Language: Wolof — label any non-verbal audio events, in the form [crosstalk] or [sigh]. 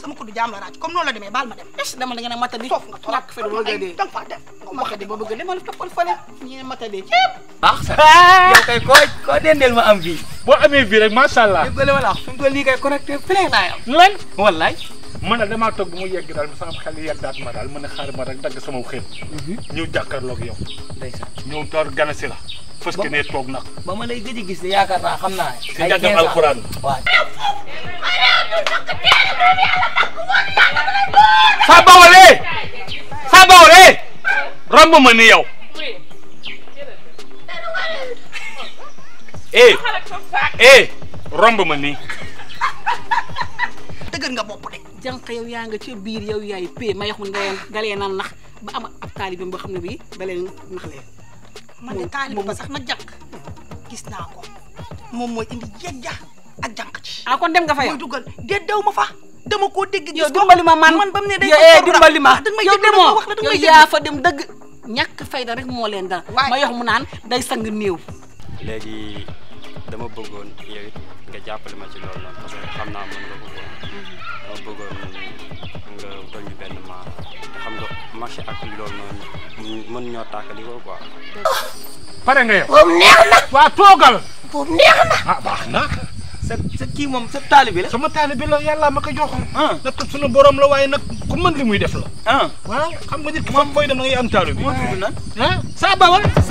sama kuddu jaam la raaj comme noonu la demee baal ma dem est dama da nga ne matadi soof nga ñàkk fe dama bëgg dee dang fa dem nga matadi ba bëgg dama la toppal fële ñi ne matadi ceeb baax sa [laughs] yow kay ko ko dendeel ma am fii boo amee fii rek macha allah dégg la wax fi mu toll nii kay connecté fële laa yam lan wallaay man nag damaa toog bu mu yegg daal sama xel yi yeddaat ma daal mën a xaar ma rek dagg sama xel mhm. ñëw jàkkaarloog yow ndeysaan ñëw door ganasi la fës ke ne toog nag. ba ma lay gëj a gis de yaakaar naa xam naa. ay 15 ans si njàngam alxuraan. waaw. sa bawale eh! eh! romb ma ni yow. eh eh romb ma nii. dëgër nga bopp de. jànq yow yaa nga ca biir yow yaay pay may xun nga nga leen a ba am ab taalibeem boo xam ne bii da leen nax leen. man de taalib ba sax na jànq gis naa ko moom mooy indi yegga ak jànq ci ah kon dem nga fa yow mooy dugal de ma fa dama koo dégg gis ko yow ma man man ba mu ne day eh, dimbali ma ah, yow demoo yow fa dem dëgg ñàkk fayda rek moo leen dal ma yox mu naan day sang néew léegi dama bëggoon yow it nga jàppale ma ci loolu la parce xam naa mën nga mm-hmm. bëggoon marché ak loolu noonu mën ñoo tàkkali ko quoi. Ah! pare nga yow. neex na. waa toogal. boobu neex na. ah baax na. sa sa kii moom sa taalibi la. sama taalibi la ma ko joxoon. Ah. nag kat sunu borom la waaye nag ku mën li muy def la. Ah. waaw xam nga nit ki moom fooy dem da ngay am taalibi. moo tudd